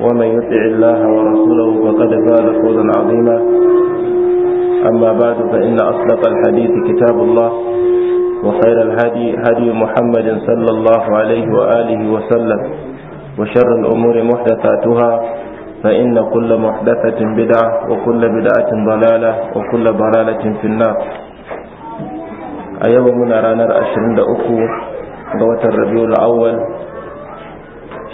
ومن يطع الله ورسوله فقد فاز فوزا عظيما أما بعد فإن أصدق الحديث كتاب الله وخير الهدي هدي محمد صلى الله عليه وآله وسلم وشر الأمور محدثاتها فإن كل محدثة بدعة وكل بدعة ضلالة وكل ضلالة في النار أيوة من رانا 23 لأكو الربيع الأول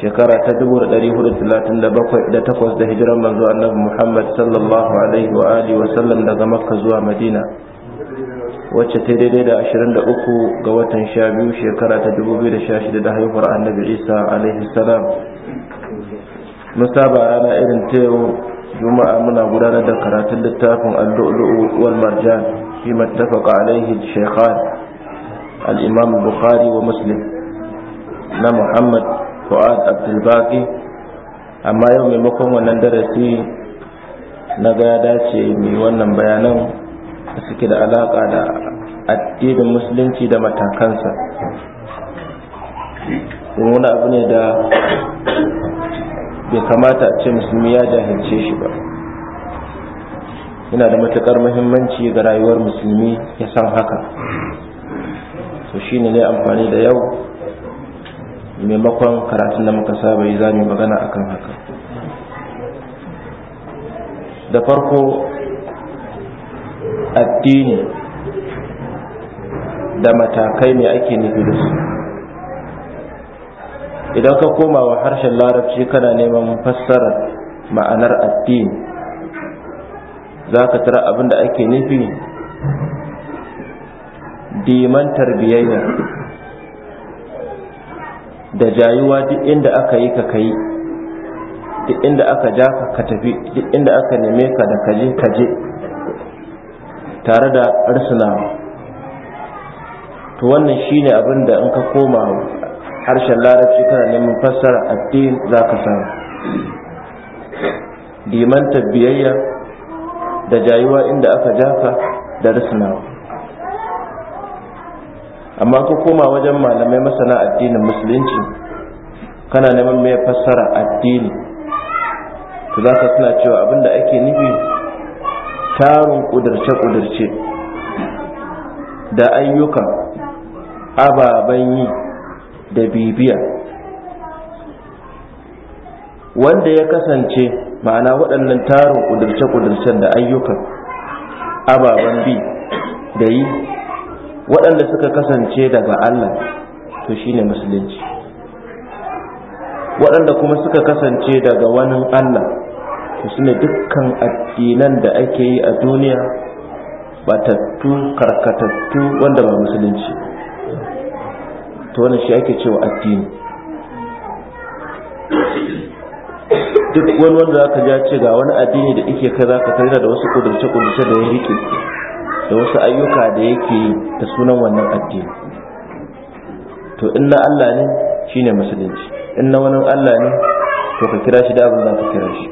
shekara ta 438 da takwas da hijiran manzo annabi Muhammad sallallahu alaihi wa alihi wa sallam daga Makka zuwa Madina wacce ta daidai da 23 ga watan 12 shekara ta 2016 da haihuwar annabi Isa alaihi salam musaba rana irin ta yau juma'a muna gudanar da karatun littafin al-lu'lu'u wal marjan fi mattafaqa alaihi shaykhan al-imam bukhari wa muslim na Muhammad fu'ad abdulbaki amma yau maimakon wannan darasi na ga ya dace mai wannan bayanan da suke da alaƙa da addinin musulunci da matakansa wani abu ne da bai kamata a ce musulmi ya jahilce shi ba yana da matukar muhimmanci ga rayuwar musulmi ya san haka to shine ne amfani da yau maimakon karatun da muka saba yi za mu magana akan haka da farko addini da matakai ne ake nufi da su idan ka koma wa harshen larabci kana neman fassarar ma'anar addini za ka tara abin da ake nufi dimantar biyayya da jayuwa duk inda aka yi ka kai duk inda aka ja ka ka tafi duk inda aka neme ka da kaje kaje tare da arsunawa to wannan shine abin da in ka koma harshen larabci kana neman fassara addin za ka samu dimanta biyayya da jayuwa inda aka ja ka da arsunawa amma ka koma wajen malamai masana addinin musulunci kana neman mai fassara addini to za ka suna cewa abinda ake nufi tarin kudurce-kudurce da ayyukan ababen yi da bibiya wanda ya kasance ma'ana waɗannan tarin kudurce-kudurcen da ayyukan ababen bi da yi waɗanda suka kasance daga Allah to shine musulunci waɗanda kuma suka kasance daga wani Allah to su ne dukkan addinan da ake yi a duniya batattu karkatattu wanda ba musulunci to wani shi ake cewa addini duk wani wanda zaka ja ce ga wani addini da ike kai ka tare da wasu kudurce kudurce da ya rike da wasu ayyuka da yake ta da sunan wannan addini to in na Allah ne shine musulunci in na wani Allah ne to ka kira shi da abin da ka kira shi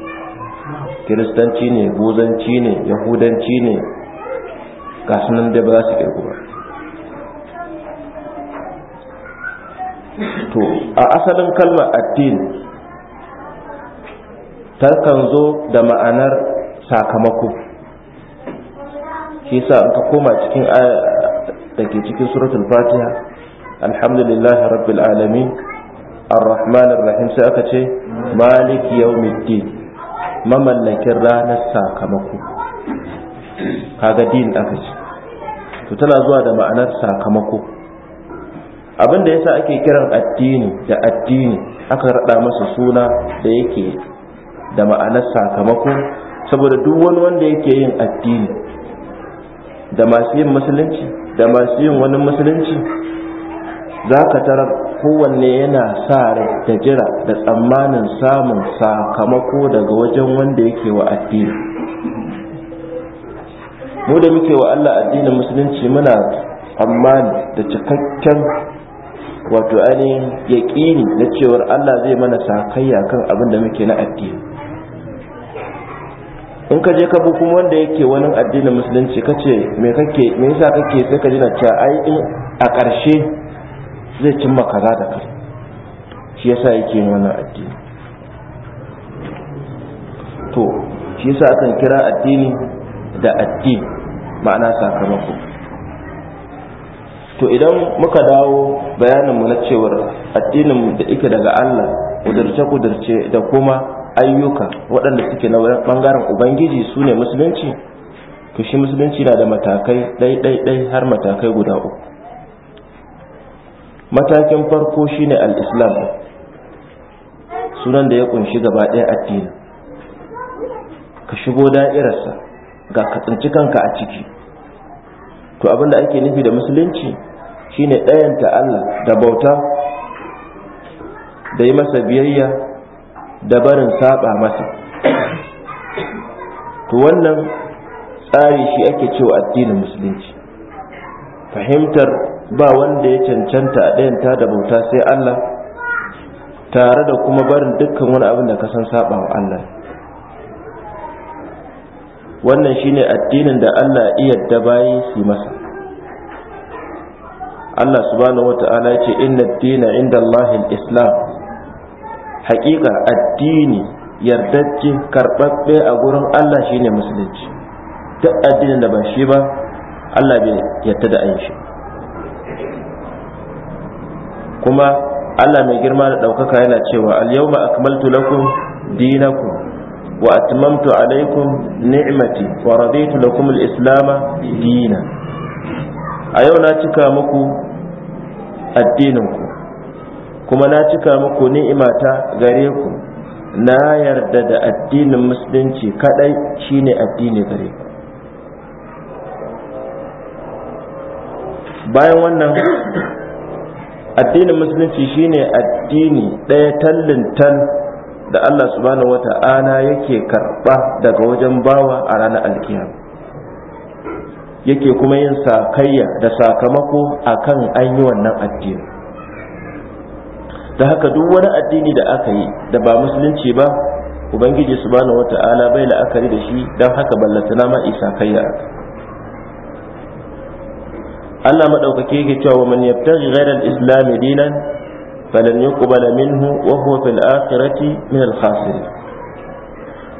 kiristanci ne buzanci ne yahudanci ne ga sunan da ba su kirku ba to a asalin kalmar addini takan zo da ma'anar sakamako shi yasa an ka koma cikin aya da ke cikin suratul fatiha alhamdulillahi rabbil alamin arrahman arrahim sai aka ce maliki yawmiddin mamallakin ranar sakamako kaga din aka ce to tana zuwa da ma'anar sakamako abin da yasa ake kiran addini da addini aka rada masa suna da yake da ma'anar sakamako saboda duk wani wanda yake yin addini da masu yin musulunci da masu yin wani musulunci za ka tarar kowanne yana sa rai da jira da tsammanin samun sakamako daga wajen wanda yake wa addini mu da muke wa Allah addinin musulunci muna tsammani da cikakken wato ainihin yaƙini na cewar Allah zai mana sakayya kan abin da muke na addini in ka je ka bi kuma wanda yake wani addinin musulunci ka ce me kake me yasa kake sai ka ji na cewa ai a ƙarshe zai cimma kaza da kai shi yasa yake yin wannan addini to shi yasa akan kira addini da addini ma'ana sakamako to idan muka dawo bayaninmu na cewar addininmu da ike daga Allah kudurce-kudurce da kuma ayyuka waɗanda suke na ɓangaren ubangiji su ne musulunci to shi musulunci na da matakai ɗai-ɗai har matakai guda uku matakin farko shine al-islam sunan da ya ƙunshi gaba ɗaya addini ka shigo da'irarsa ga ka tsinci kanka a ciki to abinda ake nufi da musulunci shine ɗayanta Allah da bauta da yi masa biyayya da barin saba masa to wannan tsari shi ake cewa addinin musulunci fahimtar ba wanda ya cancanta a ɗayan ta da bauta sai Allah tare da kuma barin dukkan wani abin da ka san saba wa Allah wannan shine addinin da Allah iya da bayi su masa Allah subhanahu wa Ta'ala ya ce inna ad-dina inda Allahil Islam haƙiƙa addini yardajje karɓaɓɓe a gurin Allah shine musulunci duk addinin da ba shi ba Allah bai yarda da ayin kuma Allah mai girma da ɗaukaka yana cewa al-yawma akmaltu lakum dinakum wa atmamtu alaikum ni'mati wa raditu lakum al-islam dina a yau na cika muku addininku. kuma na cika muku ni'imata gare ku na yarda da addinin musulunci kadai shine addini gare ku bayan wannan addinin musulunci shine addini ɗaya tallin tal da Allah subhanahu wa ta'ala yake karɓa daga wajen bawa a ranar alkiyam yake kuma yin sakayya da sakamako akan an yi wannan addini Da haka duk wani addini da aka yi da ba musulunci ba ubangiji subhanahu wata'ala bai la'akari da shi don haka ballatana ma isa kayya Allah madaukake yake cewa man yabtaghi ghayra al-islam dinan falan yuqbala minhu wa huwa fil akhirati min al-khasirin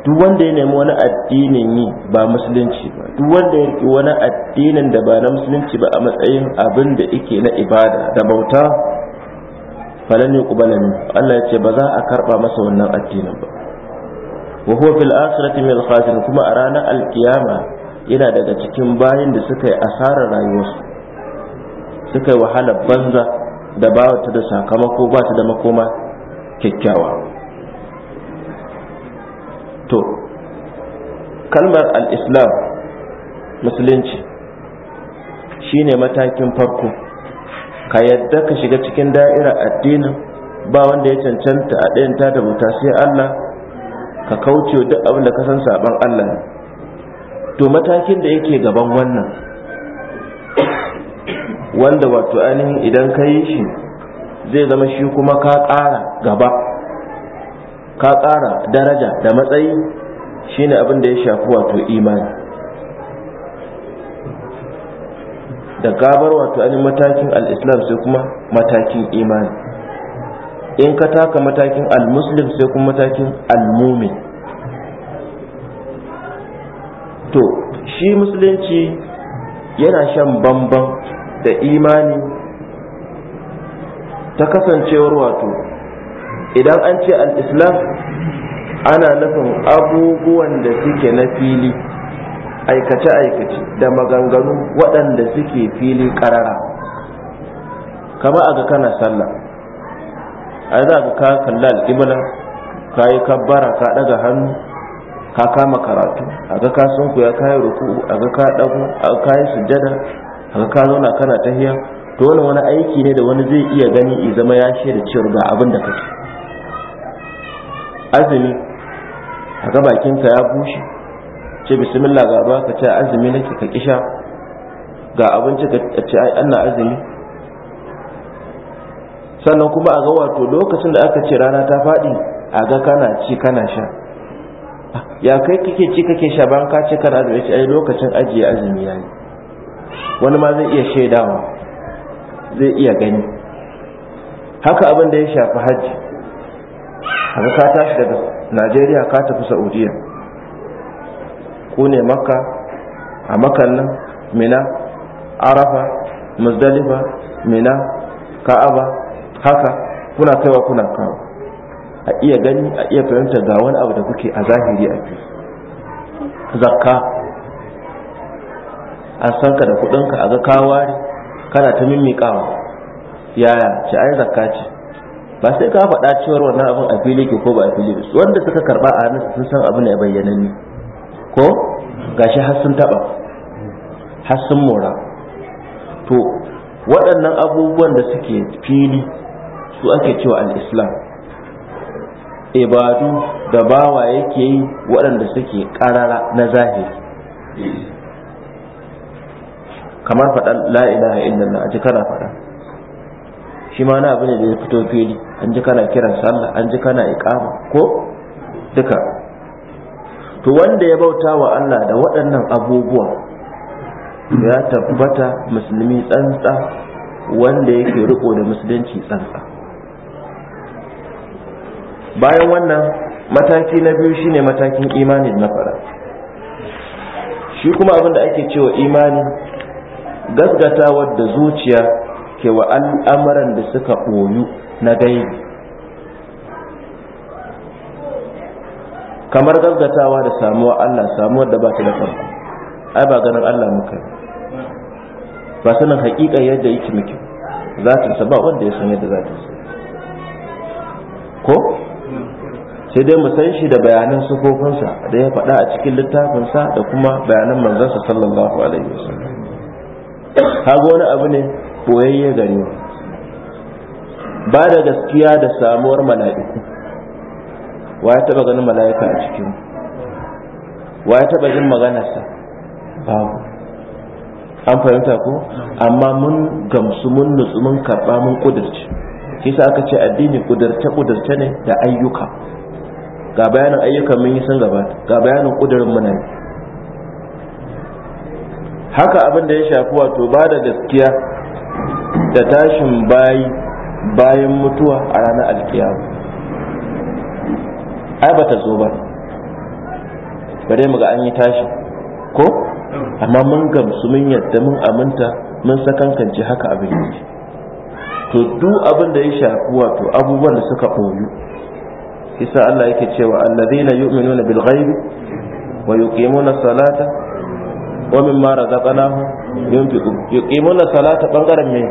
duk wanda ya nemi wani addinin yi ba musulunci ba duk wanda ya riki wani addinin da ba na musulunci ba a matsayin abin da yake na ibada da bauta falan yuqbala min Allah ya ce ba za a karba masa wannan addinin ba wa huwa fil akhirati min al kuma a ranar alkiyama yana daga cikin bayin da suka yi asarar rayuwarsu suka yi wahalar banza da bata da sakamako ba ta da makoma kyakkyawa to kalmar al-islam musulunci shine matakin farko ka yadda ka shiga cikin da'ira addinin ba wanda ya cancanta a ɗayan ta da buta sai Allah ka kauce duk abin da ka san saban Allah ne to matakin da yake gaban wannan wanda wato ainihin idan ka yi shi zai zama shi kuma ka ƙara gaba ka ƙara daraja da matsayi shine abin da ya shafi wato imani da gabar wato ainihin matakin al-islam sai kuma matakin imani in ka taka matakin al-muslim sai kuma matakin al-mumin to shi musulunci yana shan bamban da imani ta kasancewar wato idan an ce al-islam ana nufin abubuwan da suke na fili aikace-aikace da maganganu waɗanda suke fili ƙarara kama a ga kana sallah a za ka ka kalla alƙibla ka yi kabbara ka ɗaga hannu ka kama karatu a ga ka kuya ya yi ruku'u a ga ka ɗago a ga kayi sujjada a ga ka zauna kana tahiya to wani wani aiki ne da wani zai iya gani i zama ya shaida cewa ga abin da kake azumi a ga bakinka ya bushe ce bismillah ga ruwa ka ce azumi nake ka kisha ga abinci ka ce ai anna azumi sannan kuma a ga wato lokacin da aka ce rana ta faɗi a ga kana ci kana sha ya kai kake ci kake sha ban ka ce kana azumi ai lokacin ajiye azumi yayi wani ma zai iya shaidawa zai iya gani haka abin da ya shafi hajji haka ka tashi daga najeriya ka tafi saudiya ku ne makka a makan nan mina arafa muzdalifa mina ka'aba haka kuna kaiwa kuna kawo a iya gani a iya fahimta ga wani abu da kuke a zahiri a fi zakka a san ka da kudinka a ga kawari kana ta mimmiƙawa yaya ce ai zakka ce ba sai ka faɗa cewar wannan abin a fili ke ko ba a fili wanda suka karɓa a hannun sun san abin ya bayyana ne ko gashi har sun taɓa har sun mora to waɗannan abubuwan da suke fili su ake cewa al'islam ibadu da bawa yake yi waɗanda suke ƙarara na zahiri kamar faɗan la'ilaha illallah a ji kana faɗa shi ma na abu ne da ya fito fili an ji kana kiran sallah an ji kana iƙama ko duka to wanda ya bauta wa Allah da waɗannan abubuwa ya tabbata musulmi tsantsa wanda yake riko da musulunci tsantsa bayan wannan mataki na biyu shine matakin imani na fara shi kuma abin da ake cewa imani gasgatawar da zuciya ke wa al'amuran da suka ɓoyu na gaibi kamar gaggatawa da samuwa Allah samuwar da ba ta da farko ai ba ganin Allah muka ba sanin haƙiƙa yadda yake muke sa ba wanda ya san yadda sa ko sai dai mu san shi da bayanan sufofinsa da ya faɗa a cikin littafinsa da kuma bayanan sa sallallahu alaihi wasallam kaga wani abu ne boyayye gare ba da gaskiya da samuwar mala'iku wa ya taba ganin mala'ika a cikin wa ya taba jin maganarsa babu an fahimta ko amma mun gamsu mun nutsu mun karɓa mun kudurci shi sa aka ce addini kudirce kudirce ne da ayyuka ga bayanin ayyukan mun yi sun gabata ga bayanin kudurin muna ne haka abin da ya shafi wato ba da gaskiya da tashin bayi bayan mutuwa a ranar alkiyama ai ta zo ba bare mu ga an yi tashi ko amma mun gamsu mun yadda mun aminta mun sakankance haka abin yake to duk abin da ya shafi wato abubuwan da suka koyu kisa Allah yake cewa allazina yu'minuna bil ghaibi wa yuqimuna salata wa mimma razaqnahu yunfiqun yuqimuna salata bangaren me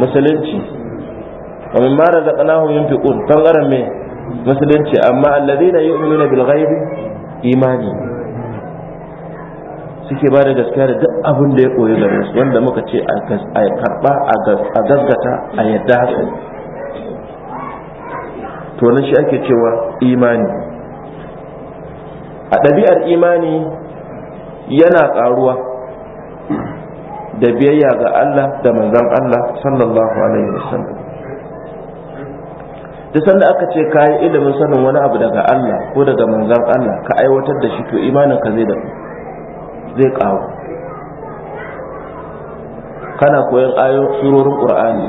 musulunci wa mimma razaqnahu yunfiqun bangaren me musulunci amma alladheena yu'minuna bil ghaibi imani suke ba da gaskiya da duk abin da ya koyi gare su wanda muka ce a karba a gasgata a yadda haka to shi ake cewa imani a ɗabi'ar imani yana ƙaruwa da biyayya ga Allah da manzon Allah sallallahu alaihi wasallam duk sanda aka ce ka yi ilimin sanin wani abu daga Allah ko daga manzan Allah ka aiwatar da shi to imanin ka zai da zai kana koyon ayo surorin qur'ani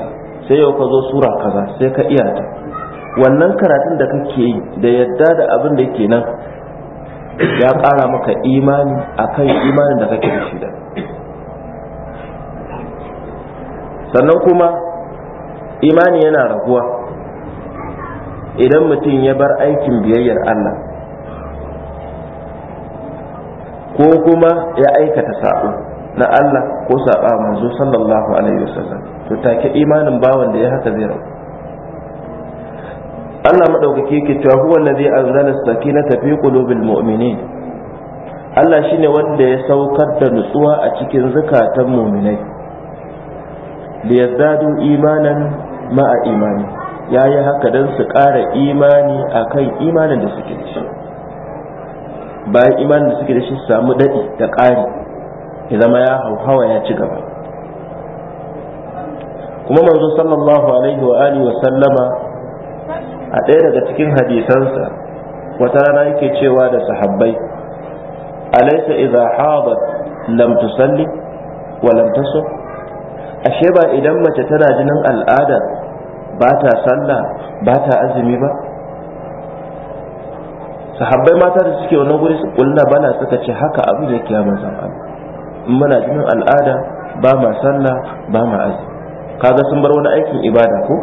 sai yau ka zo sura kaza sai ka iya ta wannan karatun da kake yi da yadda da abin da yake nan ya ƙara maka imani akan imanin da kake da shi da sannan kuma imani yana raguwa idan mutum ya bar aikin biyayyar Allah ko kuma ya aikata sa'o na Allah ko saɓa manzo sallallahu alaihi wasallam to take imanin bawan da ya haka zai rabu Allah madaukake ke cewa huwa allazi anzala sakinata fi qulubil mu'minin Allah shine wanda ya saukar da nutsuwa a cikin zukatan mu'minai liyazdadu imanan ma'a imani ya yi haka don su ƙara imani a kan imanin da suke da shi bayan imanin da suke da shi samu daɗi da ƙari ya zama ya hauhawa ya ci gaba kuma manzo sallallahu alaihi wa alihi wa sallama a ɗaya daga cikin hadisansa wata rana yake cewa da sahabbai alaysa idza hadat lam tusalli wa lam tasum ashe ba idan mace tana jinin al'ada ba ta sallah ba ta azumi ba sahabbai mata da suke wannan guri su kulla bala suka ce haka abin yake ya manzan Allah in muna jinin al'ada ba ma sallah ba ma azumi kaga sun bar wani aikin ibada ko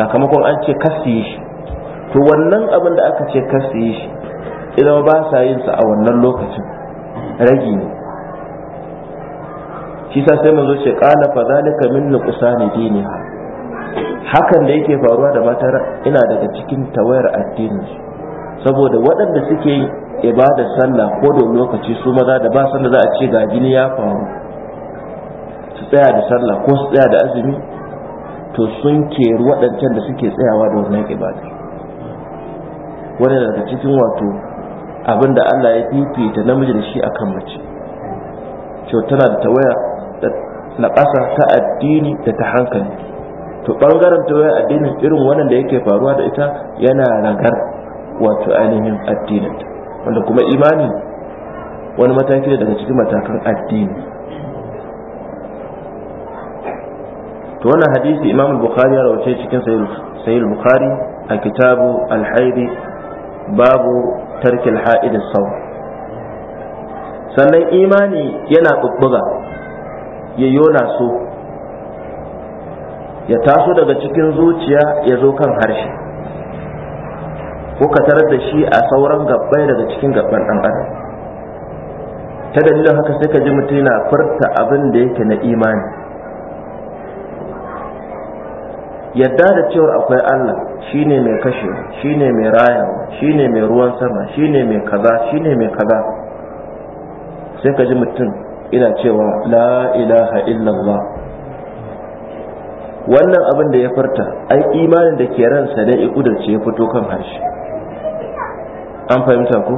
sakamakon an ce yi shi to wannan abin da aka ce yi shi idan ba sa yin sa a wannan lokacin ragi ne shi sa sai zo ce kana fa zalika min nuqsani diniha hakan da yake faruwa da mata ina daga cikin tawayar addininsu saboda waɗanda suke yi ibadar sallah ko da lokaci su maza da ba da za a ce ga jini ya faru su tsaya da sallah ko su tsaya da azumi to sun ke waɗancan da suke tsayawa da wannan ibada wani daga cikin wato abin da Allah ya fifita namiji da shi akan mace to tana da tawaya na ƙasa ta addini da ta hankali to bangaren tawaye addinin irin wannan da yake faruwa da ita yana ragar wato ainihin addinin wanda kuma imani wani mataki ne daga cikin matakan addini to wannan hadisi imam bukhari ya rawace cikin sahih bukhari a kitabu al babu tarkil al-haid sannan imani yana bubbuga ya yona so ya taso daga cikin zuciya ya zo kan harshe ko ka tarar da shi a sauran gabbai daga cikin gabban ɗan adam ta dalilin haka sai ka ji mutum yana furta abin da yake na imani yadda da cewar akwai Allah shine mai kashe shine mai rayawa shine mai ruwan sama shine mai kaza shine mai kaza sai ka ji mutum ina cewa la ilaha illallah wannan abin da ya farta, ai imanin da ke ransa ne ya kudurce ya fito kan harshe an fahimta ko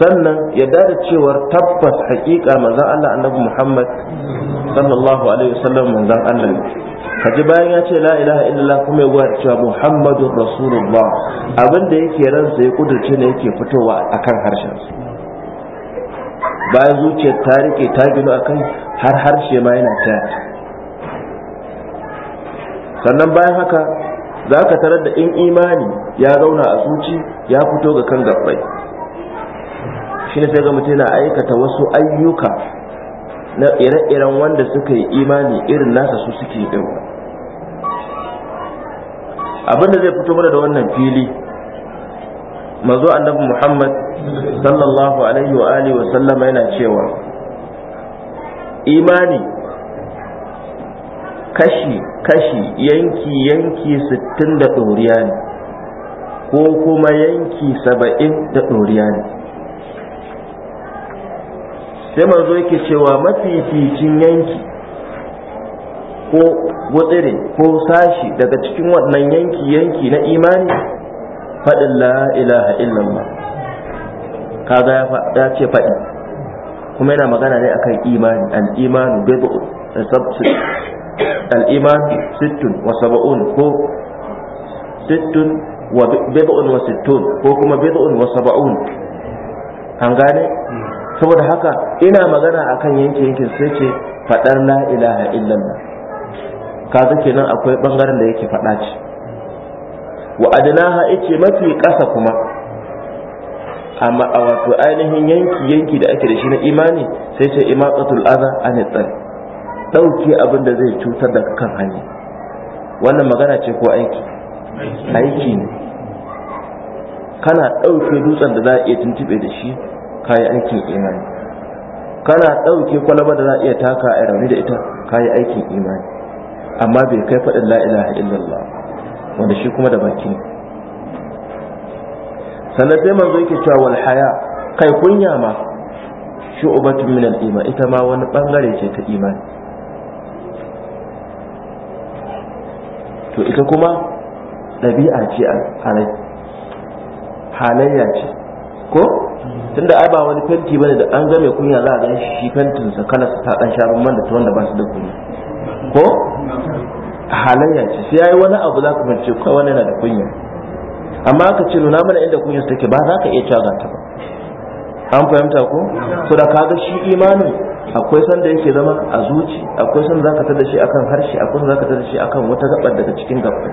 sannan yadda da cewar tabbas hakika manzon Allah annabi Muhammad sallallahu alaihi wasallam manzon Allah ne kaji bayan ya ce la ilaha illallah kuma ya gwada cewa Muhammadur Rasulullah abin da yake ransa ya kudurce ne yake fitowa akan harshensa bayan zuciyar ta rike ta gino akan har harshe ma yana ta sannan bayan haka za ka tarar da in imani ya zauna a zuci ya fito ga kan gabbai shi ne sai ga mutum yana aikata wasu ayyuka na ire-iren wanda suka yi imani irin nasa su suke Abin abinda zai fito mana da wannan fili mazo annabi muhammad sallallahu alaihi wa sallama yana cewa imani kashi kashi yanki yanki sittin da ɗoriya ne ko kuma yanki saba'in da ɗoriya ne sai manzo yake cewa mafificin yanki ko gutsire ko sashi daga cikin wannan yanki yanki na imani faɗin la ilaha illallah kaga ya ce faɗi kuma yana magana ne akan imani al-imanu al'iman sittun wa saba'un ko sittun wa bid'un wa sittun ko kuma bid'un wa saba'un an gane saboda haka ina magana akan yanke yankin sai ce fadar la ilaha illallah kaga kenan akwai bangaren da yake fada ce wa adnaha ice mafi kasa kuma amma a wato ainihin yanki yanki da ake da shi na imani sai ce imaqatul adha an tsari Dauke abin da zai cutar da kan hanya wannan magana ce ko aiki aiki ne kana dauke dutsen da za a iya tuntube da shi kayi aikin imani kana dauke kwalaba da za a iya taka a rauni da ita kayi aikin imani amma bai kai faɗin la'ilaha illallah wanda shi kuma da baki ne sannan sai manzo yake cewa wal haya kai kunya ma shu'batun min al iman ita ma wani bangare ce ta imani to ita kuma ɗabi'a ce a rai halayya ce ko tunda ai ba wani fenti bane da an ga mai kunya za a gan shi fentin sa su ta dan sharun man da ta wanda ba su da kunya ko halayya ce sai yayi wani abu za ka fahimci kai wani yana da kunya amma aka ce nuna mana inda kunya take ba za ka iya caga ta ba an fahimta ko so da kaga shi imanin akwai sanda yake zama a zuci akwai sanda zaka tada shi akan harshe akwai sanda zaka tada shi akan wata gabar daga cikin gabar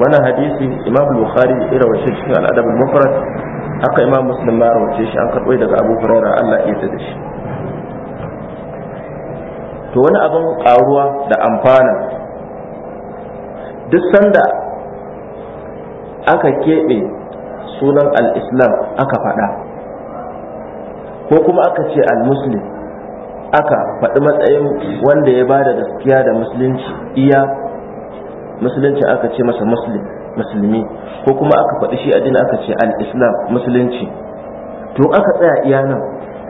wannan hadisi imam bukhari ya shi cikin adab al-mufrad haka imam muslim ma rawace shi an karbo daga abu hurairah Allah ya tada shi to wani abin karuwa da amfana duk sanda aka keɓe sunan al-islam aka faɗa ko kuma aka ce al-muslim aka faɗi matsayin wanda ya ba da gaskiya da musulunci iya musulunci aka ce masa muslim musulmi ko kuma aka faɗi shi addini aka ce al-islam musulunci to aka tsaya iya nan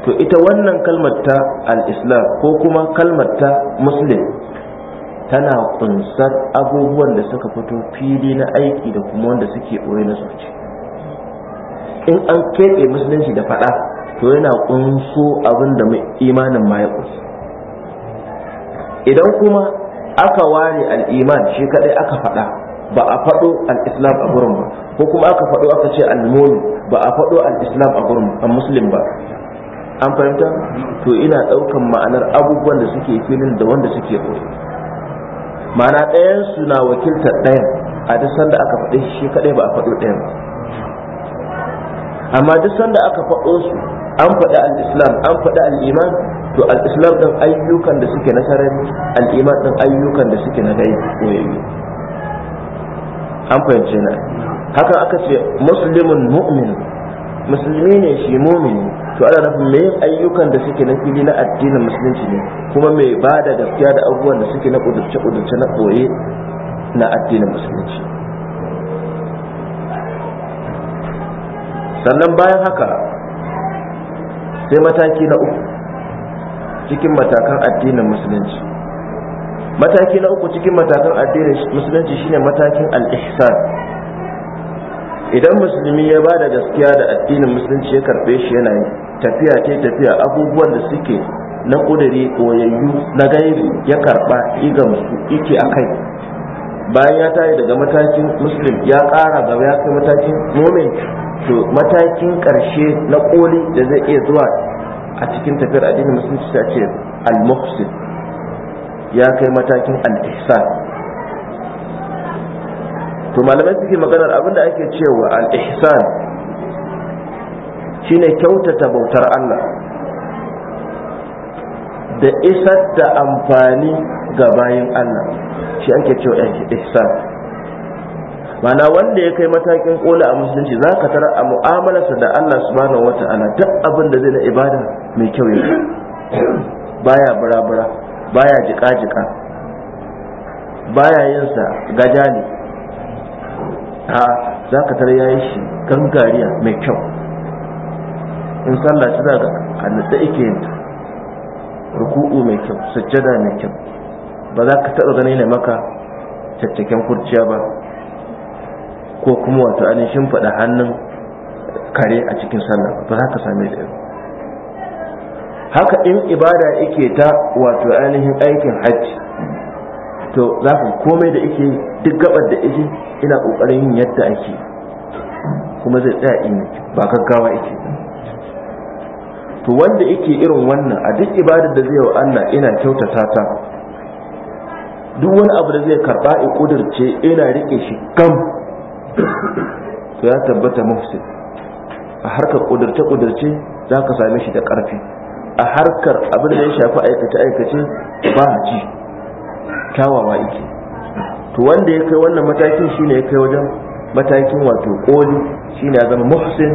to ita wannan kalmar ta al-islam ko kuma kalmar ta muslim tana kunsar abubuwan da suka fito fili na aiki da kuma wanda suke ɓoye na zuci in an keɓe musulunci da faɗa to yana ƙunso abin da imanin ma ya idan kuma aka ware al'iman shi kadai aka faɗa ba a faɗo al'islam a gurin ba ko kuma aka faɗo aka ce al ba a faɗo al'islam a gurin a musulun ba an fahimta to ina ɗaukan ma'anar abubuwan da suke filin da wanda suke koyi ma'ana ɗayan su na wakiltar ɗayan a duk sanda aka faɗe shi kadai ba a faɗo ɗayan ba amma duk sanda aka faɗo su an faɗi al-islam an faɗi al-iman to al-islam ɗin ayyukan da suke na sarari al-iman ɗin ayyukan da suke na dai koyayye an fahimce na haka aka ce muslimun mu'min musulmi ne shi mu'min to ana nufin me ayyukan da suke na fili na addinin musulunci ne kuma mai ba da gaskiya da abubuwan da suke na kudurce kudurce na ɓoye na addinin musulunci sannan bayan haka sai mataki na uku cikin matakan addinin musulunci mataki na uku cikin matakan addinin musulunci shine matakin al-ihsan idan musulmi ya ba da gaskiya da addinin musulunci ya karbe shi yana tafiya ke tafiya abubuwan da suke na ƙudiri koyayyu na gairi ya karba igamsu ike a kai bayan ya tayi daga matakin muslim ya ƙara gaba ya kai matakin mumin to matakin karshe na koli da zai iya zuwa a cikin tafiyar addinin musulunci ta ce al ya kai matakin al-ihsan to malamai suke maganar da ake cewa al-ihsan shine kyautata bautar Allah da isar da amfani ga bayan Allah shi ake cewa ihsan mana wanda ya kai matakin kola a musulunci za ka tara a mu'amalarsa da Allah subhanahu wa ta'ala duk abin da zai na ibada mai kyau ya baya barabara baya jika-jika baya yinsa gajali ha za ka tara yayi shi gangariya mai kyau in sallah ta daga a natsa ike ta, ruku'u mai kyau sujjada mai kyau ba za ka taɓa ganin maka caccaken kurciya ba ko kuma wato ainihin shimfiɗa hannun kare a cikin sallah ba za ka same ta haka in ibada yake ta wato ainihin aikin hajji to za ka komai da ike duk gabar da ike ina kokarin yin yadda ake kuma zai tsaya in ba gaggawa ike to wanda yake irin wannan a duk ibadar da zai wa Allah ina kyautata ta duk wani abu da zai karba in kudirce ina rike shi gam to ya tabbata mufsid a harkar kudurce-kudurce za ka same shi da karfi a harkar abin da ya shafi aikace-aikace ba a ji kyawawa ike to wanda ya kai wannan matakin shine ya kai wajen matakin wato koli shine ya zama muhsin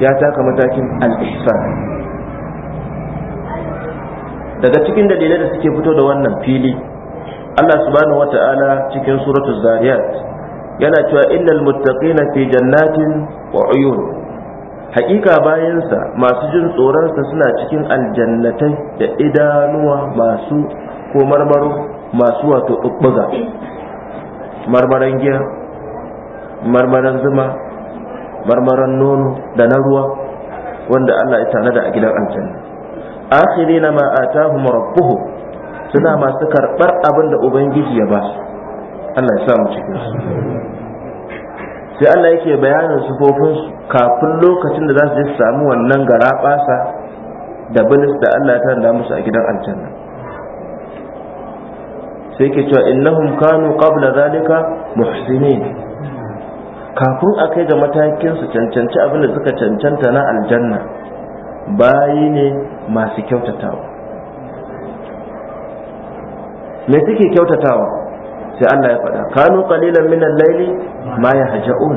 ya taka matakin alisar daga cikin dalilai da suke fito da wannan fili Allah subhanahu Ta'ala cikin suratul zariyat yana cewa innal muttaqina fi jannatin wa uyun hakika bayansa masu jin tsoron sa suna cikin aljannatai da idanuwa masu ko marmaro masu wato ɓuɓɓuga marmaran giya marmaran zuma marmaran nono da na ruwa wanda Allah ya da a gidan aljanna akhirina ma atahum rabbuhum suna masu karɓar abinda ubangiji ya ba su Allah ya sa cikin su sai Allah yake bayanin sufofin su kafin lokacin da za su je su samu wannan garaɓasa da bilis da Allah ya tanda musu a gidan aljanna sai ke cewa innahum kanu qabla zalika muhsinin kafin a kai ga matakin su cancanci abin da suka cancanta na aljanna bayi ne masu kyautatawa me suke kyautatawa sai Allah ya faɗa kanu qalilan min al-layli ma yahja'un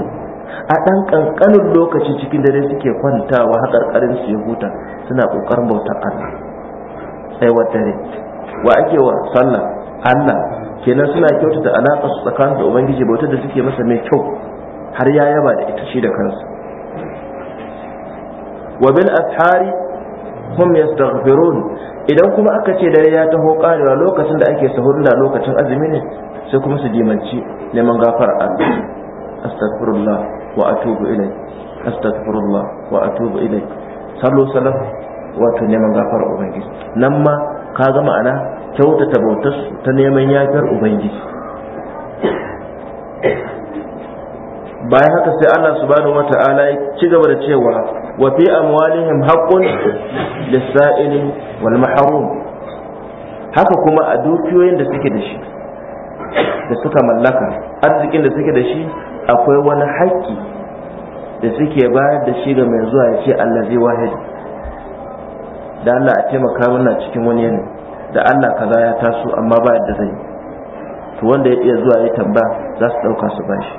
a dan kankanin lokaci cikin dare suke kwantawa karkarin su ya huta suna kokarin bautar Allah sai dare wa ake wa sallah Allah kenan suna kyautata alaƙa su tsakanin da ubangiji bautar da suke masa mai kyau har ya yaba da ita shi da kansa wa bil ashari hum yastaghfirun idan kuma aka ce dare ya taho karewa lokacin da ake sahur da lokacin azumi ne sai kuma su dimanci neman gafara Allah astaghfirullah wa atubu ilai astaghfirullah wa atubu ilai sallu salaf wato neman gafara ubangiji nan ma ka ga ma'ana kyautata bautar ta neman yafiyar ubangiji bayan haka sai Allah subhanahu wata'ala ya ci gaba da cewa wa fi amwalihim haqqun lis-sa'ili wal mahrum haka kuma a dukiyoyin da suke da shi da suka mallaka arzikin da suke da shi akwai wani haƙƙi da suke bayar da shi ga mai zuwa ya ce Allah zai wahidi da Allah a taimaka mana cikin wani yanayi da Allah kaza ya taso amma ba yadda zai to wanda ya iya zuwa ya tambaya za su ɗauka su bashi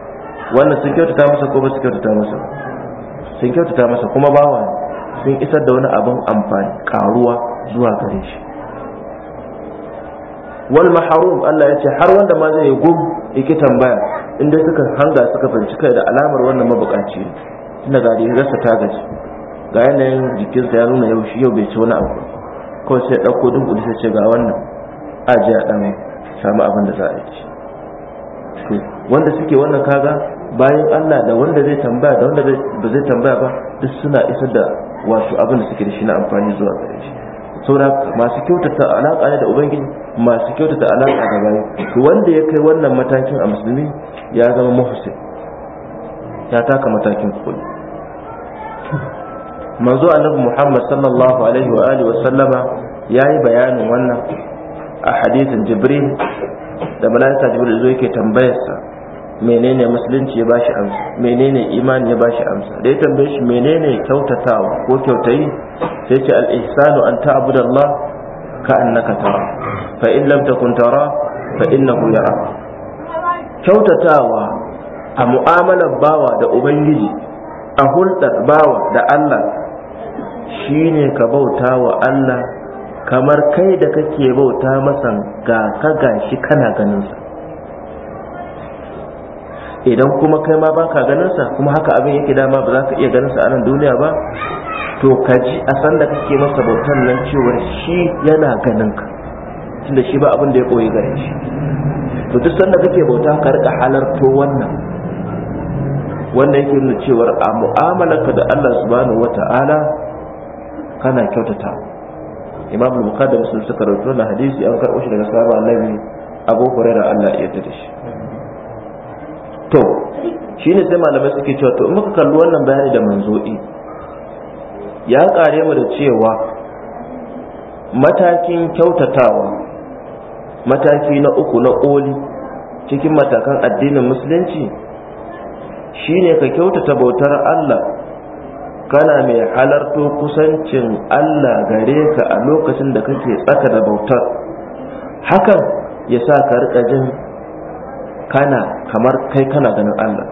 wannan sun kyautata masa ko ba su kyautata masa sun kyautata masa kuma bawa sun isar da wani abin amfani karuwa zuwa gare shi wal maharum Allah ya ce har wanda ma zai gum yake tambaya inda suka hanga suka bincika kai da alamar wannan mabukaci ne tunda ga rasa ta gaji ga yanayin jikinsa ya nuna yau shi yau bai ci wani abu kawai sai ɗauko duk da sai ce ga wannan ajiya ɗan samu abin da za a ci wanda suke wannan kaga bayan Allah da wanda zai tambaya da wanda ba zai tambaya ba duk suna isar da wasu abin da suke da shi na amfani zuwa gare shi saura masu kyautata alaƙa ne da ubangiji masu kyautata alaƙa da bayi to wanda ya kai wannan matakin a musulmi ya zama muhsin ya taka matakin kuɗi manzo annabi muhammad sallallahu alaihi wa alihi wa sallama yayi bayanin wannan a hadisin jibril da malaika jibril zo yake tambayarsa menene musulunci ya bashi amsa menene imani ya bashi amsa da ya tambaye shi menene kyautatawa ko kyautayi sai ce al-ihsanu an ta'budu Allah ka annaka tara fa in lam takun tara fa innahu yara kyautatawa a mu'amalar bawa da ubangiji a hulɗar bawa da Allah shine ka bauta wa Allah kamar kai da kake bauta masa ga ka gashi kana ganin sa. idan kuma kai ma baka ganin sa kuma haka abin yake dama ba za ka iya ganin sa a nan duniya ba to ka ji a san da kake masa bautan nan cewar shi yana ganin ka tunda shi ba abin da ya koyi gare shi to duk sanda kake bauta ka rika halarto wannan wanda yake nuna cewar a mu'amalarka da Allah subhanahu wata'ala kana kyautata imam al-bukhari da muslim suka rawaito na hadisi an karɓo shi daga sahaba annabi abu hurairah Allah ya yarda da shi to ne sai malamai suke cewa to muka kalli wannan bayani da manzo'i ya kare mu da cewa matakin kyautatawa mataki na uku na ƙoli cikin matakan addinin musulunci shi ne ka kyautata bautar Allah kana mai halarto kusancin Allah gare ka a lokacin da kake tsaka da bautar hakan ya sa ka rika jin kana kamar kai kana ganin Allah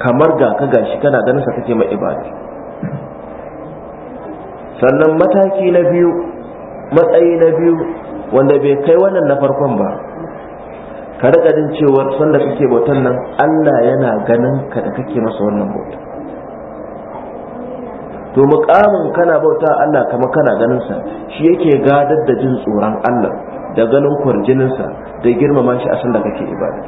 kamar ga ka gashi kana ganin sa kake mai ibada sannan mataki na biyu matsayi na biyu wanda bai kai wannan na farkon ba ka riga jin cewar sanda kake bautan nan Allah yana ganin ka da kake masa wannan bauta to mukamin kana bauta Allah kamar kana ganin sa shi yake gadar da jin tsoron Allah da ganin kwarjininsa da girmama shi a sanda kake ibada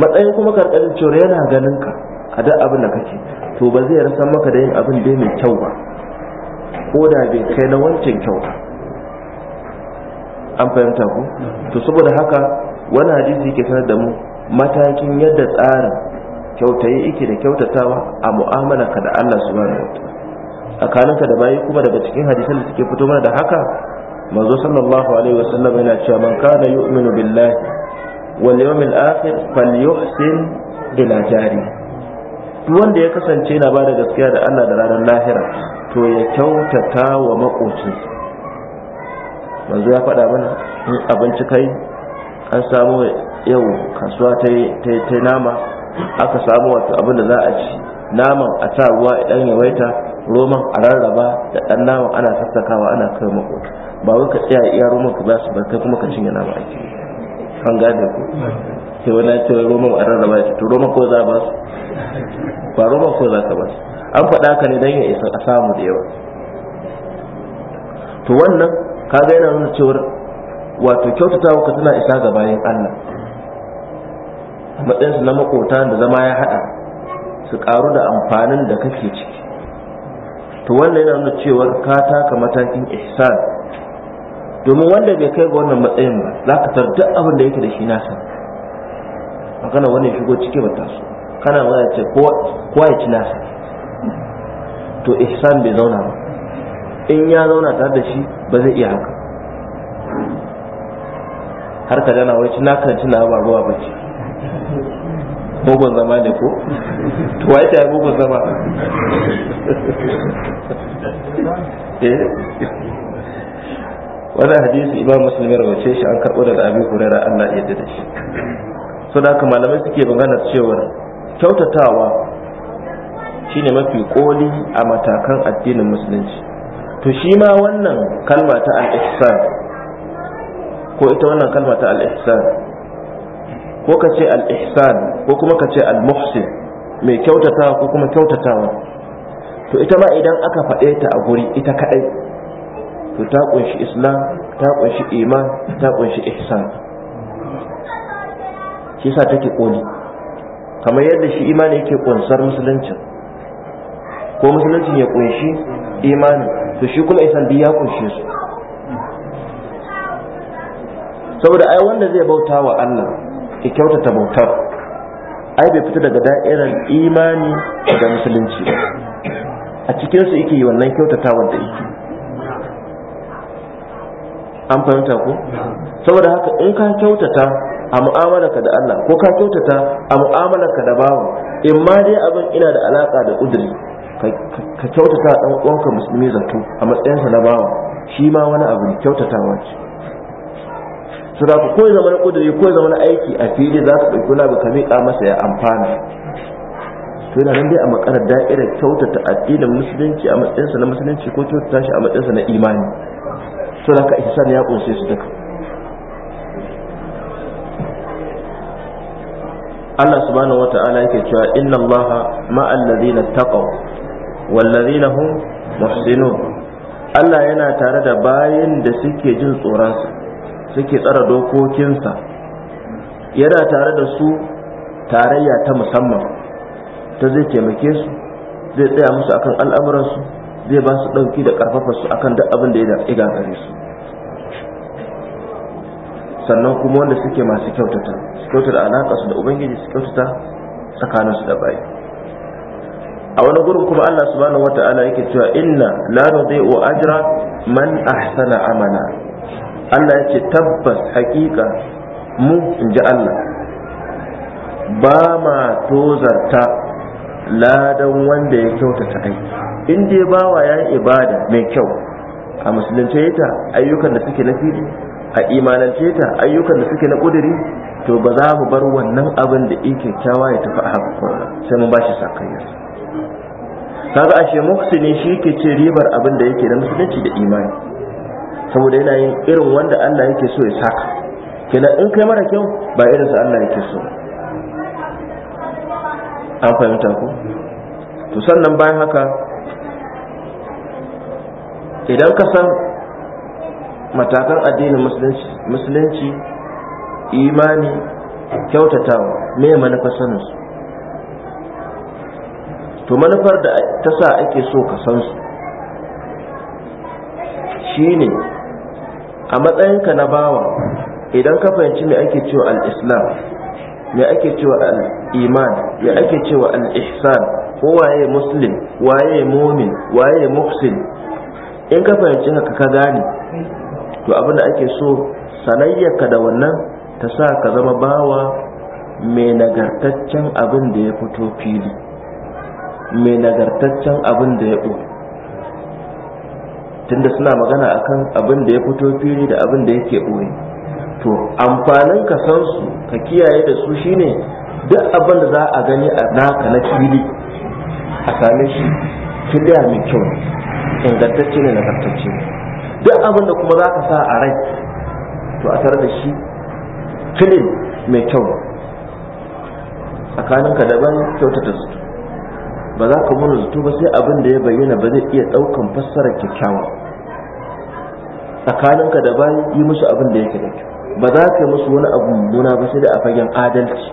matsayin kuma karkarin cewa yana ganin ka a duk abin da kake to ba zai rasa maka da yin abin da mai kyau ba ko da bai kai na wancan kyau ba an fahimta ku to saboda haka wani hadisi ke sanar da mu matakin yadda tsarin kyautayi yake da kyautatawa a ka da Allah subhanahu wa ta'ala tsakaninka da bayi kuma daga cikin hadisan da suke fito mana da haka manzo sallallahu alaihi wasallam yana cewa man kana yu'minu billahi wal yawmil akhir falyuhsin ila jari duk wanda ya kasance yana bada gaskiya da Allah da ranar lahira to ya kyautata wa makocinsa manzo ya faɗa mana in abinci kai an samu yau kasuwa ta ta nama aka samu wato abin da za a ci naman a ta ruwa idan yawaita roman a rarraba da ɗan nama ana sassakawa ana kai mako ba wai ka tsaya iya roman ka basu ba kai kuma ka cinye nama a ake an gane ku sai wani ya ce roman a rarraba ya to roman ko za ba su ba roman ko za ka ba su an faɗa ka ne don ya isa a samu da yawa to wannan ga yana nuna cewar wato kyautata ka tana isa ga bayan Allah matsayinsu na makota da zama ya haɗa su ƙaru da amfanin da kake ciki to wannan yana nuna cewar ka taka matakin ihsan domin wanda bai kai ga wannan matsayin ba za ka tar duk abin da yake da shi nasa magana wannan shigo cike ba taso kana ma ce kowa ya ci nasa to ihsan bai zauna ba in ya zauna tare da shi ba zai iya haka har ka dana wai ci naka ci na ba ruwa ba ce mugun zama ne ko to wai ta mugun zama eh. wannan hadisi imam muslim ya rawace shi an karɓo daga abin hurera Allah ya da shi so da malamai suke magana cewa kyautatawa shine mafi koli a matakan addinin musulunci to shi ma wannan kalma ta al-ihsan ko ita wannan kalma ta al-ihsan ko ka ce al’ihsan ko kuma ka ce al-muhsin mai kyautata, ko kuma kyautatawa to ita ma idan aka faɗe ta a guri ita kaɗai to ta ƙunshi islam ta ƙunshi iman ta ƙunshi ihsan shi sa take ƙoli. kamar yadda shi imani yake ƙunsar musulunci ko musulunci ya ƙunshi imani to shi kuma isan biyu ya ƙunshi su saboda ai wanda zai bauta wa Allah ki kyautata bautar ai bai fita daga da'irar imani da musulunci ba a cikin su yake wannan kyautatawa wanda yake an fahimta ko saboda haka in ka kyautata a mu'amalarka da Allah ko ka kyautata a mu'amalarka da bawo in ma dai abin ina da alaka da udiri ka kyautata dan uwanka musulmi zato a matsayinsa na bawa shi ma wani abu ne kyautatawa ce su ku koyi zama na kudiri koyi zama na aiki a fili za su ɗauki wani ka miƙa masa ya amfana to yana nan dai a makarar da'irar kyautata addinin musulunci a matsayinsa na musulunci ko kyautata shi a matsayinsa na imani to da ka ihsan ya kunshe su duka Allah subhanahu wata'ala yake cewa inna Allah ma'al ladina taqaw wal ladina hum muhsinun Allah yana tare da bayin da suke jin tsoronsa suke tsara dokokinsa yana tare da su tarayya ta musamman ta zai taimake su zai tsaya musu akan al'amuransu zai ba su ɗauki da ƙarfafa su akan duk abin da ya gagare su sannan kuma wanda suke masu kyautata su kyautata alaƙa su da ubangiji su kyautata tsakaninsu da bayi a wani gurin kuma Allah subhanahu wata'ala yake cewa inna la nudhi'u ajra man ahsana amala Allah ya ce tabbas haƙiƙa mu in ji Allah ba ma tozarta ladan wanda ya kyautata aiki in dai bawa ya yi ibada mai kyau a musulunce ta ayyukan da suke na fili a imanance ta ayyukan da suke na ƙuduri to ba za mu bar wannan abin da yake kyawa ya tafi a haka kowa sai mun bashi shi sakayyarsa kaga ashe muhsini shi ke ce ribar abin da yake na musulunci da imani saboda yana yin irin wanda Allah yake so ya saka kenan in kai mara kyau ba irinsa Allah yake so an fahimta ko to sannan bayan haka idan ka san matakan addinin musulunci imani kyautatawa me manufar saninsu to manufar da ta sa ake so ka san su shine a matsayinka na bawa idan ka fahimci me ake cewa al-islam me ake cewa al-iman me ake cewa al-ihsan ko waye muslim waye mumin waye muhsin in ka fahimci haka ka gane to abin da ake so sanayyarka da wannan ta sa ka zama bawa mai nagartaccen abin da ya fito fili mai nagartaccen abin da ya ɓoye tunda suna magana akan abin da ya fito fili da abin da yake ɓoye to amfanin ka san su ka kiyaye da su shine duk abin da za a gani a naka na fili a same shi filiya mai kyau ingantacce ne nagartacce duk abin da kuma za ka sa a rai to a tare da shi filin mai kyau tsakaninka daban kyautata su. ba za ka muna zato ba sai abin da ya bayyana ba zai iya ɗaukan fassara kyakkyawa tsakaninka da bayi yi musu abin da yake da kyau ba za ka musu wani abu muna ba sai da a fagen adalci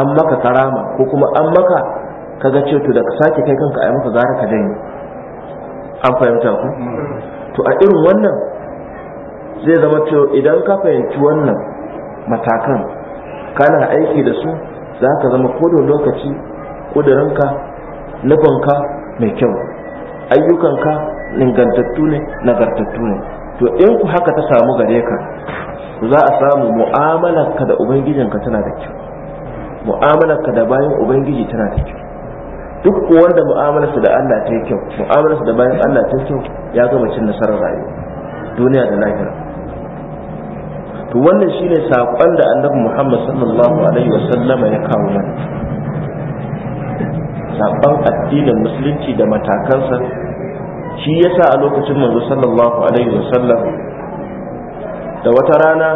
an maka karama ko kuma an maka kaga ce to da ka sake kai kanka a yi maka gara ka janye an fahimta ku to a irin wannan zai zama cewa idan ka fahimci wannan matakan kana aiki da su za ka zama kodon lokaci Kudurinka, nufinka mai kyau ayyukanka ingantattu ne nagartattu ne to in ku haka ta samu gare ka za a samu mu'amalarka da ubangijinka tana da kyau mu'amalarka da bayan ubangiji tana da kyau duk da mu'amalarsa da Allah ta yi kyau mu'amalarsa da bayan Allah ta yi kyau ya gama cin nasarar rayuwa duniya da lahira to wannan shine sakon da annabi Muhammad sallallahu alaihi wasallama ya kawo mana saban addinin musulunci da matakansa shi yasa a lokacin manzo sallallahu alaihi wasallam da wata rana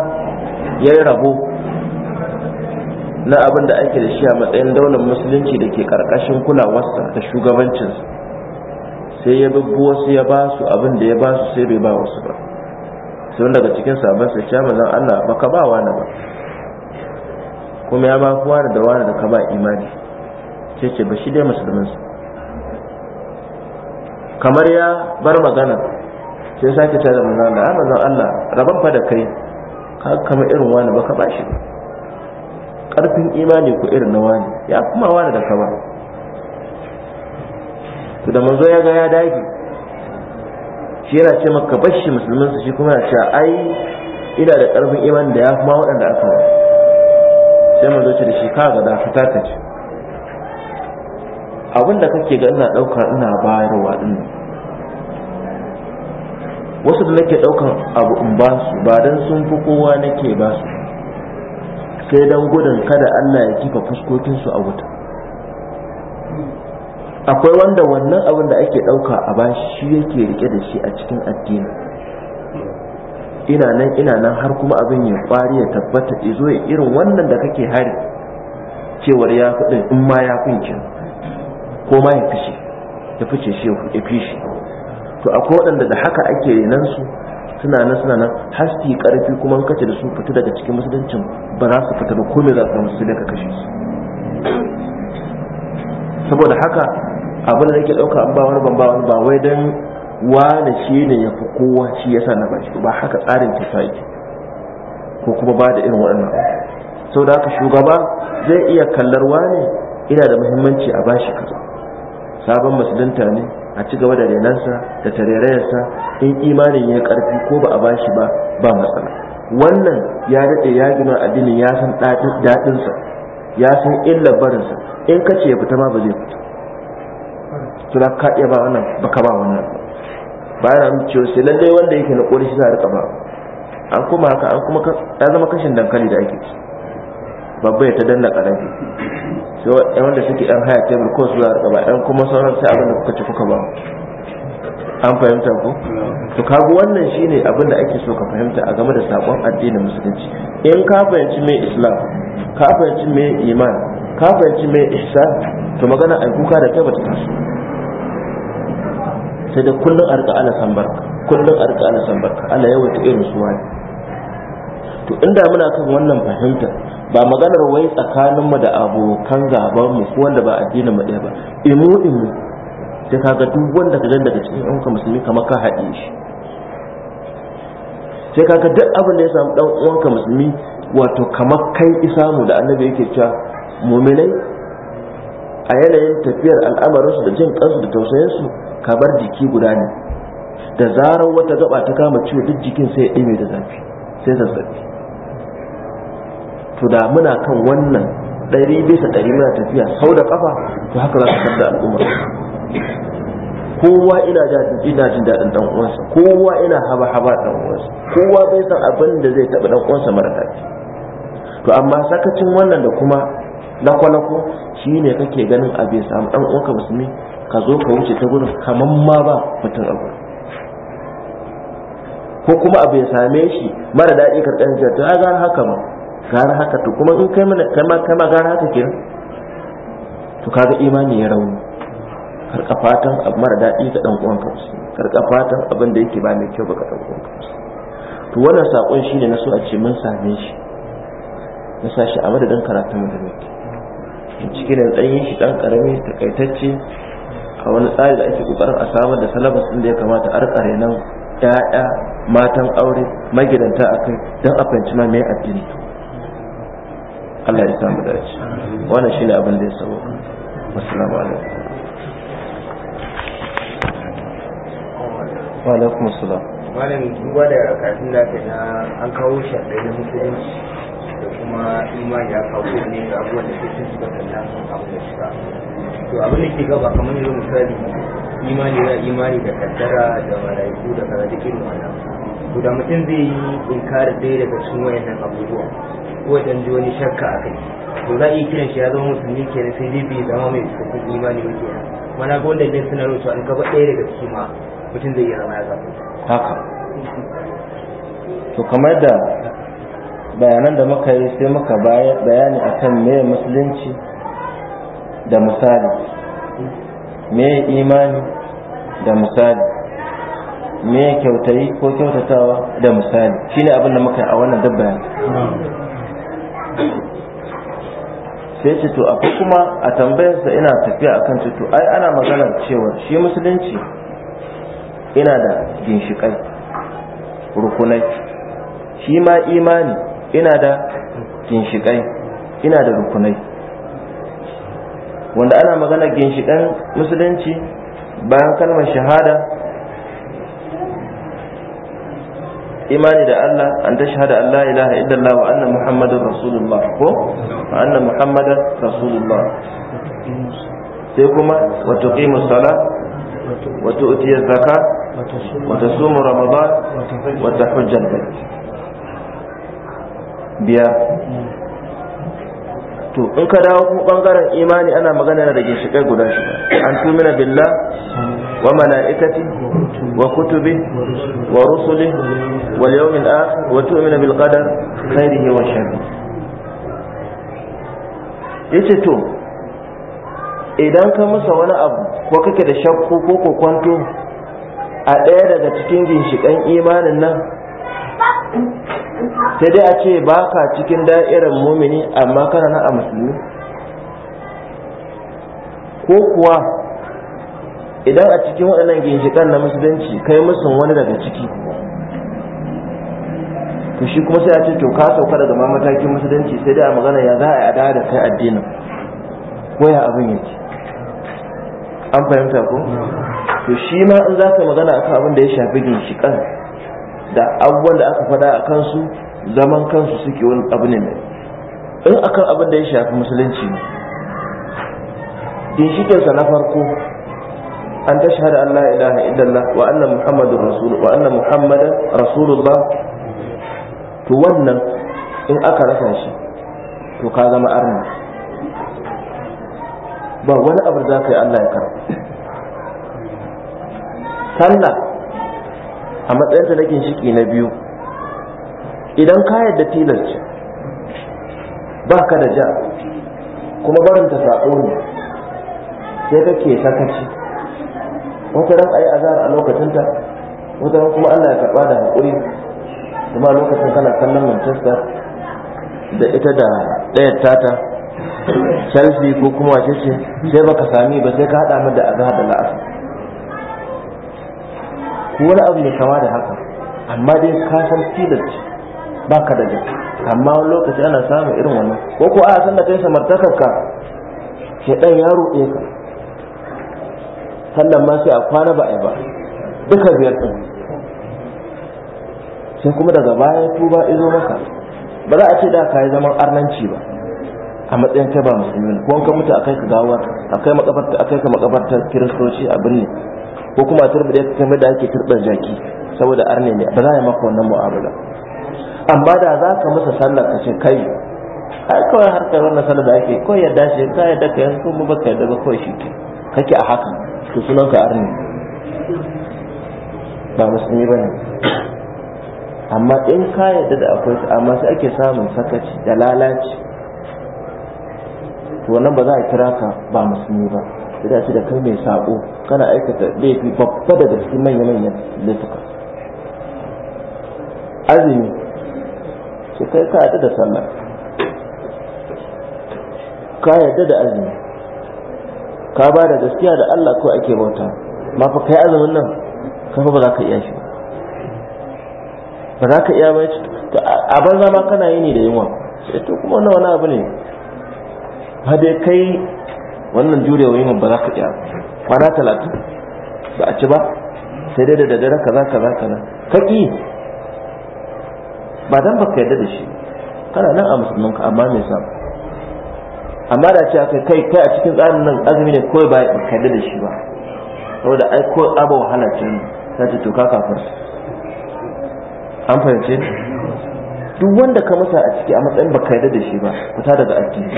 ya yi rabo na abin da ake da shi a matsayin daular musulunci da ke karkashin kulawarsa da shugabancinsa sai ya bubbu wasu ya ba su abin da ya ba su sai bai ba wasu ba sai daga cikin sabon sai ya mazan Allah baka ba wani ba kuma ya ba kowa da wani da ka ba imani sai ce ba shi dai musulminsu. kamar ya bar magana sai sake ta da manzon Allah ah, manzon Allah rabon fa da kai ka kama irin wani baka ba shi karfin imani ku irin na wani ya kuma wani da ka ba to da manzo ya ga ya dage shi yana ce maka bashi su shi kuma yana cewa ai ina da karfin imani da ya kuma waɗanda aka sai manzo ce da shi ka ga da fita ta ce abin da kake ga ina ɗauka ina bayarwa ɗin wasu da nake ɗaukan abu in ba su ba don sun fi kowa nake ba su sai don gudun kada Allah ya kifa fuskokinsu a wuta akwai wanda wannan abin da ake ɗauka a ba shi yake rike da shi a cikin addini ina nan ina nan har kuma abin ya kwari ya tabbata izo irin wannan da kake hari cewar ya fi in ma ya fi kenan ko ma ya fice ya fice shi ya fi shi to akwai waɗanda da haka ake nan su suna nan suna nan haske karfi kuma kace da su fita daga cikin musuluncin ba za su fita ba ko me za su da ka kashe su saboda haka abin da nake ɗauka an ba wani ban ba wani ba wai dan wane shi ne ya fi kowa shi ya sa na ba ba haka tsarin tafiya yake ko kuma ba da irin waɗannan sau da haka shugaba zai iya kallar wane ina da muhimmanci a bashi kaza sabon musulunta ne a ci gaba da renansa da tarerayarsa in imanin ya karfi ko ba a bashi ba ba matsala wannan ya daɗe ya gina addinin ya san daɗinsa ya san illar barinsa in ka ce ya fita ma ba zai fita da ka iya ba wannan ba ka ba wannan ba yana nuna cewa sai lallai wanda yake na ƙori shi za a riƙa ba an kuma haka an kuma ya zama kashin dankali da ake ci babba ya ta danna ƙarami sai wanda suke yan haya tebur ko su yarka ba dan kuma sauran sai abin da kuka ci kuka ba an fahimta ko to kaga wannan shine abin da ake so ka fahimta a game da sakon addinin musulunci in ka fahimci mai islam ka fahimci mai iman ka fahimci mai ihsan to magana ai kuka da kai bata taso sai da kullun arka ala sambarka kullun arka ala sambarka Allah yawaita irin suwa wani to inda muna kan wannan fahimta ba maganar wai tsakaninmu da abokan mu ko wanda ba addinin mu ɗaya ba imu imu ta kaga duk wanda ka gan daga cikin ɗanka musulmi kamar ka haɗe shi sai kaga duk abin da ya samu ɗan uwanka musulmi wato kamar kai isamu da annabi yake cewa muminai a yanayin tafiyar al'amarinsu da jin kansu da tausayinsu kamar jiki guda ne da zarar wata gaba ta kama ciwo duk jikin sai ya ɗime da zafi sai zazzabi to da muna kan wannan ɗari bisa ɗari muna tafiya sau da ƙafa to haka za ka san da al'umma kowa ina ina jin daɗin dan uwansa kowa ina haba haba dan uwansa kowa bai san abin da zai taɓa dan uwansa mara daɗi to amma sakacin wannan da kuma lakwalako shi ne kake ganin abu ya samu dan uwanka musulmi ka zo ka wuce ta gurin kaman ma ba mutum a ko kuma abu ya same shi mara daɗi karɓar jirgin ta gara haka ba? gara haka to kuma in kai mana kai ma kai ma gara haka kenan to kaga imani ya rauni karka fatan abu mara daɗi ga dan uwanka karka fatan abin da yake ba mai kyau ba ga dan uwanka to wannan sakon shine na so a ce mun same shi na sa shi a madadin karatu mu da muke cike da tsayin shi dan karami takaitacce a wani tsari da ake kokarin a samar da salabas din da ya kamata a rikare nan ya'ya matan aure magidanta akai don a fahimci ma mai addini Allah ya samu dace wannan shine abin da ya sabo assalamu alaikum wa alaikum assalam malam duba da kafin da kai na an kawo shi da musulunci da kuma imani ya kawo ne ga abubuwan da suke suka kalla sun abu da shi to abin da ke gaba kamar yanzu misali imani na imani da kaddara da malaiku da kaza da irin wannan to da mutum zai yi inkari ɗaya daga cikin wayannan abubuwa wajen ji wani shakka a kai to za a iya kiran shi ya zama musulmi ke sai dai bai zama mai cikakken imani ba kenan mana ga wanda ne suna rubuta an gaba ɗaya daga ciki ma mutum zai iya zama ya zafi haka to kamar da bayanan da muka yi sai muka bayani akan me musulunci da misali me imani da misali me kyautayi ko kyautatawa da misali shine abin da muka yi a wannan dabbayan sai ce to akwai kuma a tambayarsa ina tafiya akan ce to ai ana magana cewa shi musulunci ina da ginshiƙai rukunai shi ma imani ina da ginshiƙai ina da rukunai wanda ana magana ginshiƙan musulunci bayan kalmar shahada imani da Allah an tashhada an la ilaha illallah wa anna muhammadar rasulullah ko wa anna muhammadar rasulullah sai kuma wa tuqimu salat wa tu'ti zakat wa tasumu ramadan wa tahujja al biya to in ka dawo kuma bangaren imani ana magana da ginshiƙai guda shida an tumina billah وملائكته وكتبه ورسله واليوم الآخر وتؤمن بالقدر خيره وشره yace to idan ka masa wani abu ko kake da shakku ko kwanto a ɗaya daga cikin ginshiƙan imanin nan sai dai a ce ba ka cikin da'irar mumini amma kana na a musulmi ko kuwa idan a cikin waɗannan ginshiƙan na musulunci kai musu wani daga ciki to shi kuma sai a ce to ka sauka daga ma matakin musulunci sai dai a magana ya za a yi a da kai addinin ko ya abin yake an fahimta ko to shi ma in za ka magana akan abin da ya shafi ginshiƙan da abubuwan da aka faɗa a kansu zaman kansu suke wani abu ne mai, in akan abin da ya shafi musulunci ne ginshiƙinsa na farko an tashhadu an la ilaha illallah wa anna muhammadur to wannan in aka rasa shi to ka zama arna ba wani abu za ka yi Allah ya karɓa sallah a matsayinta na ginshiki na biyu idan ka yadda tilarci ba ka da ja kuma barinta saƙo ne sai kake sakaci wata ran ayi azar a lokacinta wata ran kuma Allah ya karba da hakuri kuma lokacin kana kallon Manchester da ita da ɗayar tata Chelsea ko kuma wace ce sai baka sami ba sai ka hada mu da azara da la'asa. ko wani abu ne kama da haka amma dai ka san tilas baka da jiki amma wani lokaci ana samun irin wannan ko ko a san da kai samartakarka ke dan yaro ɗeka. sannan ma sai a kwana ba a yi ba duka biyar ɗin sai kuma daga baya tuba izo maka ba za a ce da ka yi zaman arnanci ba a matsayin ta ba musulmi ko ka mutu akai ka gawar akai makabarta kai ka makabarta kiristoci a birni ko kuma turbi da kamar da ake turban jaki saboda arne ne ba za a maka wannan mu'amala amma da za ka masa sallar ka ce kai ai kawai harkar wannan sallar da ake Ko yadda shi ka yadda ka yanzu kuma baka yadda ba kawai shi ke kake a haka to sunan ka arni ba musulmi ba ne amma in ka yadda da akwai su amma sai ake samun sakaci da lalaci to wannan ba za a kira ka ba musulmi ba da shi da kai mai sako kana aikata laifi babba da gaske manya-manyan laifuka azumi sai kai ka yadda da sallah ka yadda da azumi ka ba da gaskiya da Allah ko ake bauta ma fa kai azumin nan ka fa ba za ka iya shi ba za ka iya ba a banza ma kana yi ne da yunwa sai to kuma wannan wani abu ne ba dai kai wannan wa yunwa ba za ka iya ba? kwana talatin ba a ci ba sai dai da daddare kaza kaza kaza ka ƙi ba dan ba ka yarda da shi kana nan a musulmanka amma me samu amma da ce aka kai kai a cikin tsarin nan azumi ne kawai ba ka da shi ba saboda ai ko abu wahala ce ta ce to ka kafar an fahimce duk wanda ka masa a ciki a matsayin ba yarda da shi ba ta daga addini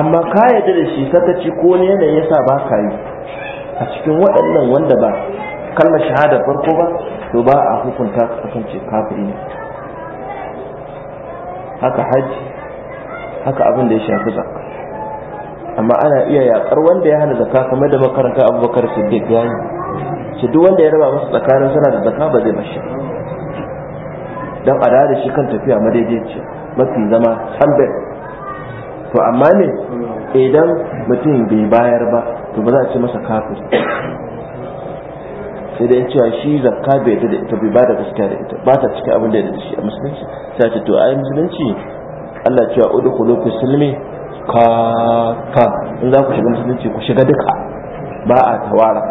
amma ka yadda da shi sakaci ko ne yanayi yasa ba ka yi a cikin waɗannan wanda ba kalmar shahada farko ba to ba a hukunta kasance kafiri ne haka Haji. haka abin da ya shafi zakka amma ana iya yakar wanda ya hana zakka kamar da makaranta abubakar siddiq ya yi shi duk wanda ya raba masa tsakanin sana da zakka ba zai bashi don a da shi kan tafiya madaidaici mafi zama sambe to amma ne idan mutum bai bayar ba to ba za a ce masa kafir sai da cewa shi zakka bai da ita bai ba da gaskiya da ita ba ta cikin abin da ya da shi a musulunci sai ce to ai musulunci Allah cewa udkhulu fi silmi ka-ka. in za ku shiga musulunci ku shiga duka ba a tawara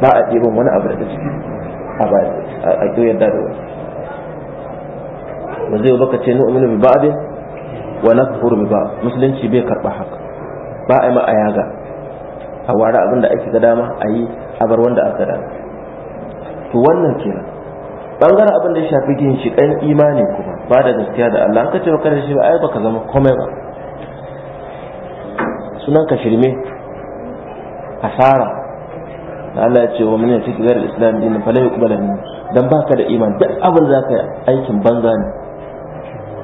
ba a ɗiban wani abu daga ciki a ba a ƙi yadda da wani ba zai baka ce ni umminu bi ba'd wa nakfuru bi ba'd musulunci bai karba haka ba a yi ma a yaga a ware abin da ake ga dama a yi a bar wanda aka dama to wannan kenan bangaren abin da ya shafi ginshiƙan imani kuma ba da gaskiya da Allah ka ce baka da shi ba ai baka zama komai ba sunan ka shirme asara da Allah ya ce wa mene take gar islam din fa lai kubala min dan baka da iman duk abin da zaka aikin banza ne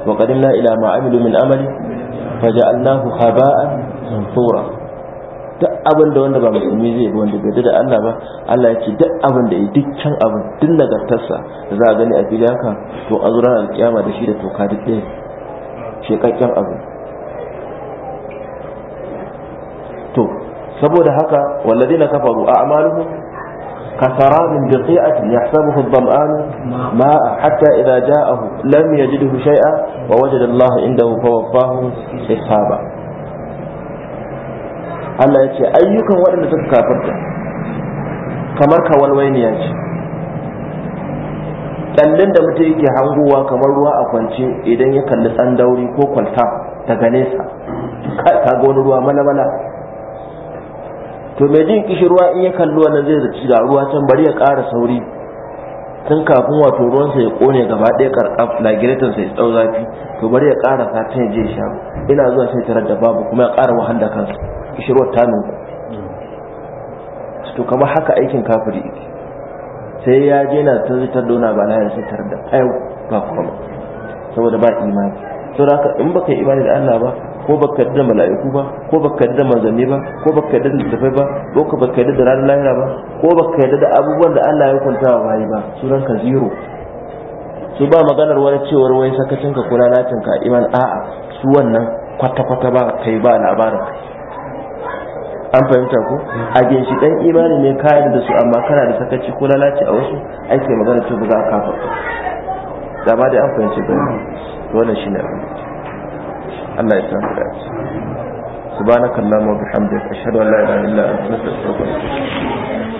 wa qadimna ila ma amilu min amali faja'alnahu haba'an mansura duk abin wanda ba musulmi zai yi wanda gadi da Allah ba Allah ya ce duk abin ya yi dukkan abin duk nagartarsa da za a gani a gida haka to a zuran alkiyama da shi da toka duk ɗaya shekakken abu to saboda haka wallazi na kafa ru'a a malumu kasarabin da tsaye ya sabu hudban an ma a hatta idan ja'ahu lam yajidu shay'a wa wajadallahu indahu fa wafahu hisaba Allah ya ce ayyukan waɗanda suka kafirta kamar kawalwainiya ce kyallin da mutum yake hangowa kamar ruwa a kwance idan ya kalli tsandauri ko kwalta daga nesa ka ga wani ruwa mana-mana to mai jin ruwa in ya kalli wannan zai zaci ga ruwa can bari ya ƙara sauri tun kafin wato ruwansa ya kone gaba ɗaya karkaf lagiretan sai tsau zafi to bari ya ƙara satin ya je sha ina zuwa sai tarar da babu kuma ya ƙara wahal da kansa kishirwar ta nuna to kamar haka aikin kafiri ita sai ya je na ta zutar da wani bala ya sitar da ayau ba kuma saboda ba imani to haka in baka yi imani da Allah ba ko baka da mala'iku ba ko baka da manzanni ba ko baka yadda da tafai ba ko ka baka yadda da ranar lahira ba ko baka yadda da abubuwan da Allah ya hukunta wa bayi ba sunan ka zero su ba maganar wani cewar wai sakacin ka kula natin ka iman a'a su wannan kwata-kwata ba kai ba labarin an fahimta ko a ginshi dan imani ne ka da su amma kana da sakaci ko lalaci a wasu ake magana to buga kafa da ba da an fahimci ba wannan shi ne Allah ya san da shi subhanakallahumma wa bihamdika ashhadu an la ilaha illa anta astaghfiruka wa atubu